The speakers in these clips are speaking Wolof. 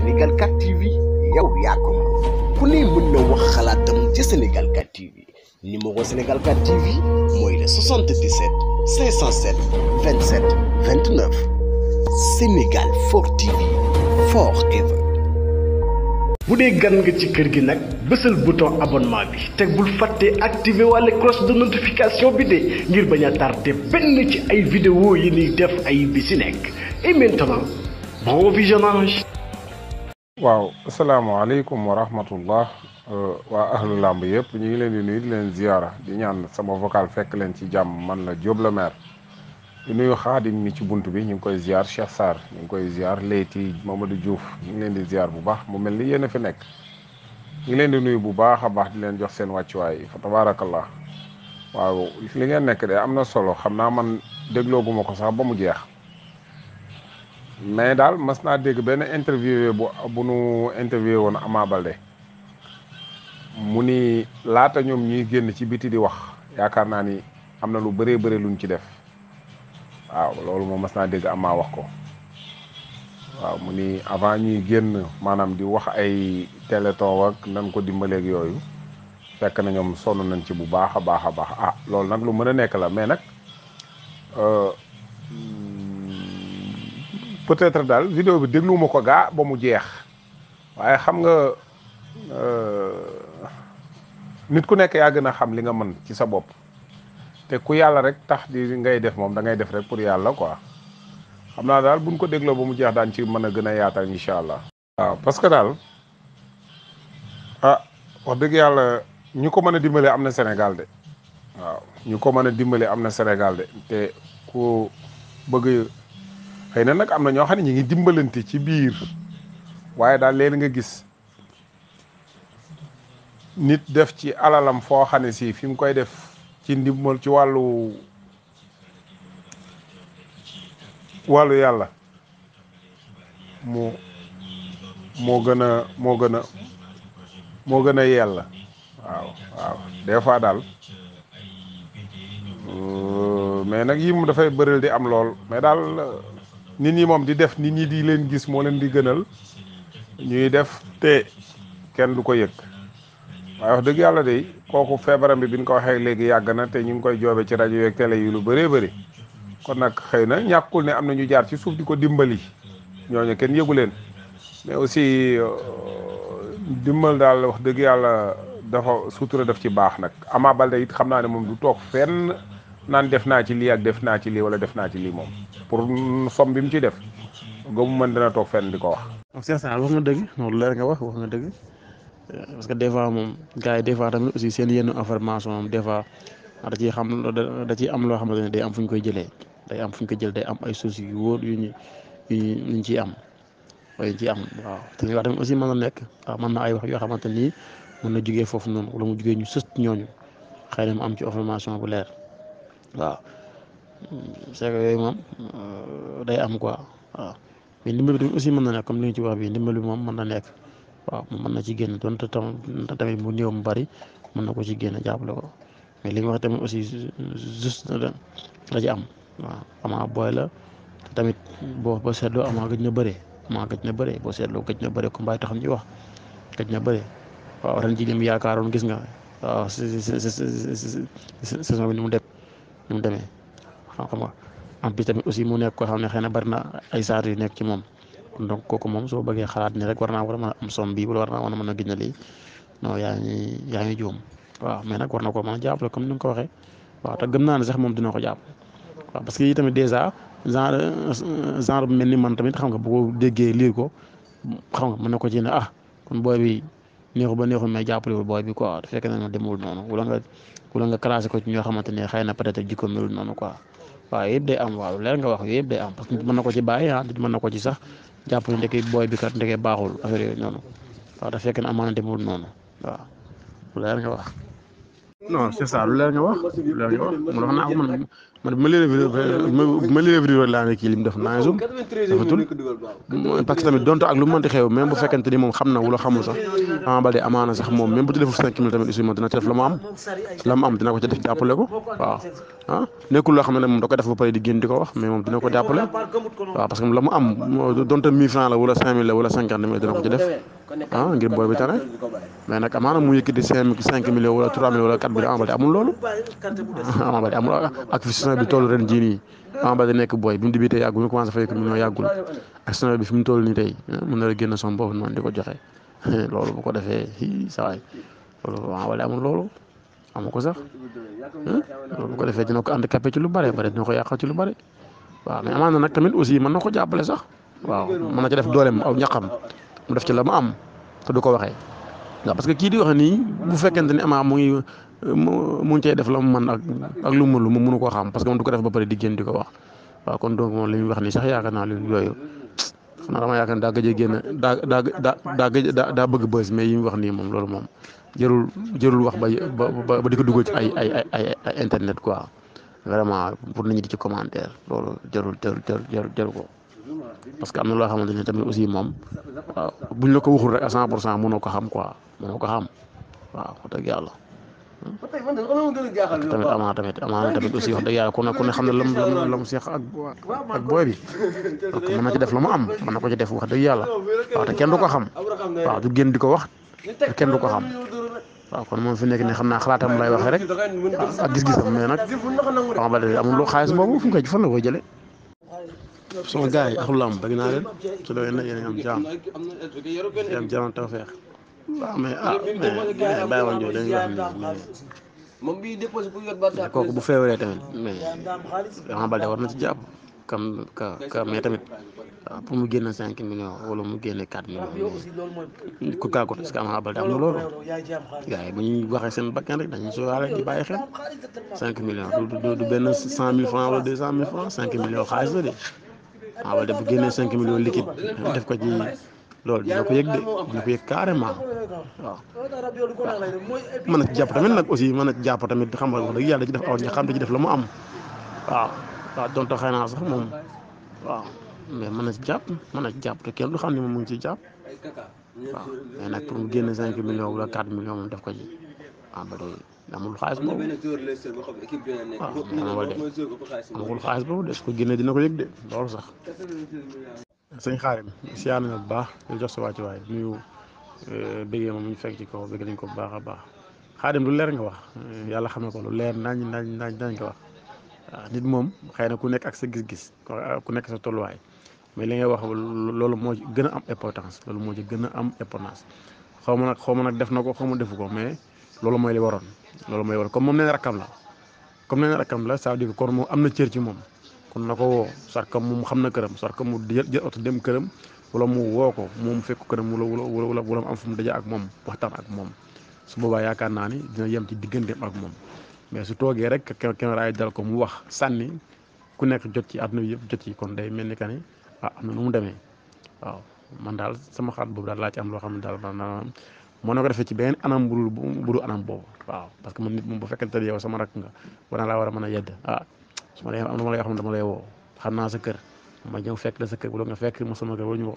Sénégal 4 TV yow yakum. ko ku ne mën na wax xalaatam ci Sénégal 4 TV numéro Sénégal 4 TV moy le 77 507 27 29 Sénégal 4 TV forever. Vous voulez gagner nga ci kër gi nag le bouton abonnement bi teg bul fàtte la cloche de notification bi ne ngir bañ a tardé ci ay vidéo yi ni def ay et maintenant bon visionnage. waaw asalaamaaleykum eh, wa rahmatullah waa ahlu làmb yëpp ñu ngi leen di nuyu di leen ziyaara di ñaan sama vocal fekk leen ci jàmm man la Diop la maire di nuyu xaadim mi ci bunt bi ñu ngi koy ziar Cheikh sar ñu ngi koy ziar Leyti Mamadou Diouf ñu ngi leen di ziar bu baax mu mel ni yéen a fi nekk ñu ngi leen di nuyu bu baax a baax di leen jox seen wàccuwaay fa tabarakallah waaw li ngeen nekk de am solo xam naa man déglooguma ko sax ba mu jeex mais daal mas naa dégg benn interview bu bu nu interviewé woon Ama Baldé mu ni laata ñoom ñuy génn ci biti di wax yaakaar naa ni am na lu bëree bëri luñ ci def waaw loolu moom mas naa dégg Ama wax ko waaw mu ni avant ñuy génn maanaam di wax ay téléthon ak nan ko dimbaleeg yooyu fekk na ñoom sonn nañ ci bu baax a baax a baax ah loolu nag lu mën a nekk la mais nag. Euh, peut-être daal vidéo bi dégluwuma ko gaa ba mu jeex waaye xam nga euh, nit ku nekk yaa gën a xam li nga mën ci sa bopp te ku yàlla rek tax di ngay def moom da ngay def rek pour yàlla ko xam naa daal buñ ko dégloo ba mu jeex daan ci mën a gën a yaatal incha allah. waaw parce que daal ah wax dëgg yàlla ñu ko mën a dimbale am na Sénégal de waaw ñu ko mën a dimbale am na Sénégal de te ku bëgg. xeyna nak amna ño na ñi ngi dimbalante ci biir waye da leen nga gis nit def ci alalam fo xam si fim koy def ci ndimbal ci walu walu yalla mo mo gëna mo gëna mo gëna yalla waaw waaw des fois euh, mais nak yi mu fay di am lool mais dal nit ñi moom di def nit ñi di leen gis moo leen di gënal ñuy def te kenn du ko yëg waaye wax dëgg yàlla de kooku feebaram bi bi ñu ko waxee léegi yàgg na te ñu ngi koy joobe ci rajo yeeg télé yi lu bëree bëri kon nag xëy na ñàkkul ne am na ñu jaar ci suuf di ko dimbali ñooñu kenn yëgu leen mais aussi euh, dimbal daal wax dëgg yàlla dafa sutura def ci baax nag Ama Baldé xam naa ne moom du toog fenn. naan def naa ci lii ak def naa ci lii wala def naa ci lii moom pour som bi mu ci def gëmu mën dana toog fenn di ko wax. moom Cheikh Sall wax nga dëgg loolu leer nga wax wax nga dëgg euh, parce que des fois moom gars yi des fois tamit aussi seen yenn information moom des fois da ciy xam da ciy am loo xamante ne day am fu ñu koy jëlee day am fu ñu jël day am ay sources yu wóor yu ñu yu ñu ciy am waaye ciy am waaw te li aussi mën na nekk waaw mën ay wax yoo xamante ni mën na jugee foofu noonu wala mu jugee ñu sës ñooñu xëy na mu am ci information bu leer. waaw seeko yooyu moom day am quoi waaw mais ndimbal bi aussi mën na nekk comme li nga ci wax bi ndimbal bi moom mën na nekk waaw mën na ci génn donte tamit mu néew mu bari mën na ko ci génn jàppale ko mais li nga wax tamit aussi juste na da am waaw ama booy la tamit boo ba seetloo ama gëj na bëree ama gëj na bëree boo seetloo gëj na bëree comme bàyyi taxam ñuy wax gëj na bëree waaw ren ji li mu yaakaaroon gis nga waaw saison bi nu mu def ni mu demee xam nga en aussi mu nekk koo xam ne xëy na bari na ay saar yu nekk ci moom donc kooku moom soo bëggee xalaat ni rek war naa war am somme bi wala war naa war a mën a gis ne lii non yaa ngi yaa ngi juum waaw mais nag war na koo mën a jàppale comme ni nga ko waxee waaw te gëm naa ne sax moom dina ko jàpp waaw parce que yi tamit déjà genre genre bu mel ni man tamit xam nga bu ko déggee lire ko xam nga mën na ko ci ne ah kon booy bi neexu ba neexul mais jàppalewul booy bi quoi a na demul noonu ko ci ñoo xamante ne xëy na peut-être jikko melul am waaw leer nga wax yëpp day am parce na ko ci bàyyi ah na ko ci sax jàpp ne ndeke booy bi kat ndeke baaxul affaire yooyu noonu waaw te fekk na amaana demul noonu waaw leer nga wax. non c'est ça lu leer nga wax lu leer wax man man man bu ma leen vidéo bu ma def naa zum parce que tamit donte ak lu mu mënti xew même bu fekkente ni moom xam na wala xamul sax Ama Baldé amaana sax moom même bu ci cinq mille tamit aussi moom dina am la am dina ko ci def ko waaw ah, nekkul loo xam ne moom da ko def ba pare la mu am donte mille francs la wala cinq mille la wala ko ci ah, ngir booy mais nag amaana mu yëkkati cinq cinq millions wala trois bi Ama Baldé loolu Ama Baldé amul ak fi saison bi toll ren jii nii Ama Baldé nekk booy bi mu débuté yàggul ñu commencé fay ko million yàggul ak saison bi fi mu toll nii tey ah, mën na la génn son boobu noonu di ko joxe loolu bu ko defee saa waay loolu Ama Baldé amul loolu amu ko sax ah, loolu bu ko defee dina ko handicapé ci lu bare bare dina ko yàqal ci lu bare waaw mais amaan na nag tamit aussi mën na ko jàppale sax waaw mën na ci def dooleem aw ñaqam mu def ci la mu am te du ko waxee waaw parce que kii di wax nii bu fekkente ne Ama mu ngi mu mu ngi cay def la mu man ak ak lu mu lu mu mënu koo xam parce que moom du ko def ba pare di génn di ko wax waaw kon donc moom li ñuy wax nii sax yaakaar naa lu yooyu xanaa dama yaakaar daa gëj a génn daa daa daa bëgg bës mais yi wax nii moom loolu moom jërul jërul wax ba ba ba di ko dugal ci ay ay ay ay internet quoi vraiment pour nit ñi di ci commentaire loolu jërul jërul jërul jëru ko parce que am na loo xamante ne tamit aussi moom waaw buñ la ko waxul rek 100 pour ko xam quoi mënoo ko xam waaw wax dëgg yàlla. tamit amaana tamit amaana tamit aussi wax dëgg yàlla ku ne xam ne lam lam lam seex ak ak booy bi donc mën na ci def la mu am mën na ko ci def wax dëgg yàlla waaw te kenn du ko xam waaw du di ko wax kenn du ko xam waaw kon moom fi nekk ne xam naa xalaatam lay waxee rek ak gis-gisam mais nag wax ba léegi amul xaalis boobu fu mu koy fan la koy jëlee. sama gars yi ak lamb bëgg naa leen su doon yéen a am jaam yéen a waaw mais ah mais Baye Mandione dañuy wax moom bii déposé kooku bu feebaree tamit mais Ama Baldé war na ci jàpp kam ka ka mais tamit ah, pour mu génne cinq million wala mu génne quatre millions ku kaagut parce que Ama Baldé am na loolu gars yi bu ñu waxee seen bakkan rek dañuy sóoraale di bàyyi xel cinq millions du du benn cent mille francs wala deux cent mille francs cinq millions liquide def ko ci. loolu dina ko yëg de dina ko yëg carrément waaw mën tamit nag aussi mën a ci jàpp tamit xam nga yàlla da ci def aw ci def la mu am waaw naa sax moom mën na ci jàpp na ci kenn du xam ne moom mu ngi ciy jàpp waaw nag pour mu génne cinq millions wala quatre millions moom def ko ci ah ba doy amul xaalis boobu de su ko génne dina ko yëg de loolu sax. sëñ xaarim siyaar na bu baax di jox sa wàccu waay nuyu euh, bëggee moom ñu fekk ci kaw bëgg nañ ko bu baax a baax xaarim lu leer nga wax euh, yàlla xam ne ko lu leer nañ nañ nañ nañ ko wax ah, nit moom xëy na ku nekk ak sa gis-gis ku ah, nekk sa tolluwaay mais li ngay wax loolu moo gën a am importance loolu moo ci gën a am importance xaw ma nag xaw ma nag def na ko xaw ma defu ko mais loolu mooy li waroon loolu mooy waroon comme moom nee na rakkam la comme nee na rakkam la ça am na cër ci moom kon na ko woo sarkam mu xam na këram sarkam mu jël oto dem këram wala mu woo ko moom fekk këram wala wala wala wala mu am fu mu daje ak moom waxtaan ak moom su boobaa yaakaar naa ni dina yem ci digganteem ak moom mais su toogee rek caméra yi ko mu wax sànni ku nekk jot ci àdduna bi yëpp jot ci kon day mel ni que ni ah am na nu mu demee waaw man daal sama xaat boobu daal laa ci am loo xam ne daal maanaam moo na ko defee ci beneen anam bu budul anam boobu waaw parce que man nit moom bu fekkente ne yow sama rakk nga war naa laa war a mën a yedd ah su ma lay dama lay xam ne dama lay woo xam naa sa kër ma ñëw fekk la sa kër wala nga fekk ma sama kër wala ñu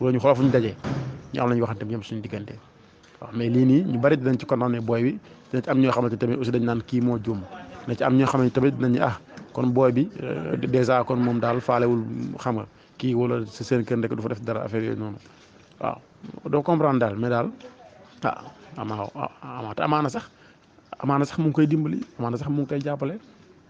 wala ñu xool fu ñu dajee ñu am la ñu waxante ñoom suñu diggante mais lii nii ñu bari dinañ ci condamné booy bi dina ci am ñoo xamante tamit aussi dañ naan kii moo juum dina ci am ñoo xamante tamit dinañ ah kon booy bi euh, dèjà kon moom daal faalewul xam nga kii wala si seen kër rek du fa def dara affaire yooyu noonu waaw doo comprendre daal mais daal ah amaana ah, amaana sax amaana sax mu ngi koy dimbali amaana sax mu ngi koy jàppale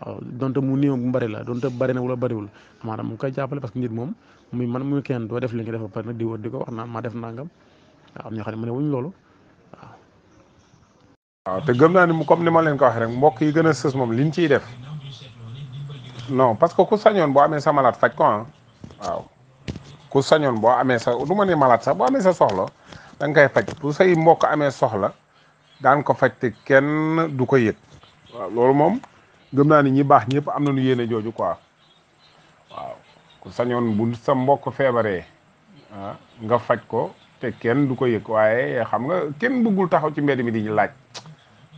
Don't donte mu néew mu bari la donte bari na wala wul manam mu koy jappale parce que nit mom muy man muy kenn do def li nga def par nak di di ko wax def nangam am ñoo xam mu ne wuñ lolu waaw. te gëm na ni comme ni ma leen ko wax rek mbokk yi gëna seuss mom liñ ciy def non parce que ku sañon bo amé sa malade fajj ko ah waaw ku sañon bo amé sa du ma ne malade sa bo amé sa soxla da nga koy faj bu say mbokk amé soxla dan ko fajj te kenn du ko waaw gëm naa ni ñi baax ñëpp am nañu yéene jooju quoi waaw ku sañoon bu sa mbokk feebaree ah, nga faj ko te kenn du ko yëg waaye xam nga kenn bëggul taxaw ci mbedd mi di ñu laaj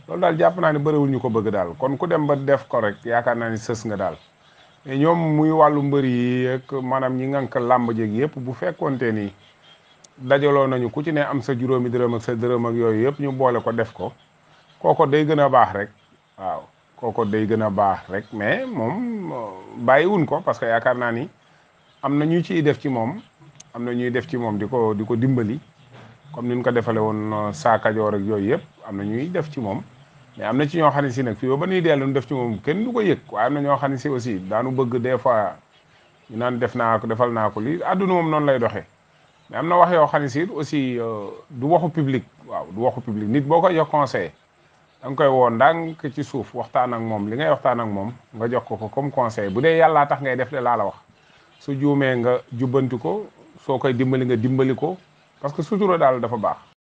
loolu daal jàpp naa ni bëriwul ñu ko bëgg daal kon ku dem ba def ko rek yaakaar naa ni sës nga daal mais ñoom muy wàllu mbër yi ak maanaam ñi ngank làmb jëg yëpp bu fekkonte ni dajaloo nañu ku ci ne am sa juróomi dërëm ak sa dërëm ak yooyu yëpp ñu boole ko def ko kooko day gën a baax rek waaw kooko day gën a baax rek mais moom bàyyi wun ko parce que yaakaar naa ni am na ñu ci def ci moom am na ñuy def ci moom di ko di ko dimbali comme ni ñu ko defale woon euh, saakajoor ak yooyu yëpp am na ñuy def ci moom mais am na ci ñoo xam ne si nag fii ba ba nuy dellu def ci moom kenn du ko yëg waaye am na ñoo xam ne si aussi daanu bëgg des fois ñu naan def naa ko defal naa ko lii àdduna moom noonu lay doxee mais am na wax yoo xam si aussi euh, du waxu public waaw du waxu public nit boo ko jox conseil dang koy woo ndànk ci souf waxtaan ak mom li ngay waxtaan ak mom nga jox ko ko comme conseil bu dee tax ngay def de laa la wax su juumee nga jubantiko sokay dimbali nga dimbali parce que suturo dal dafa bax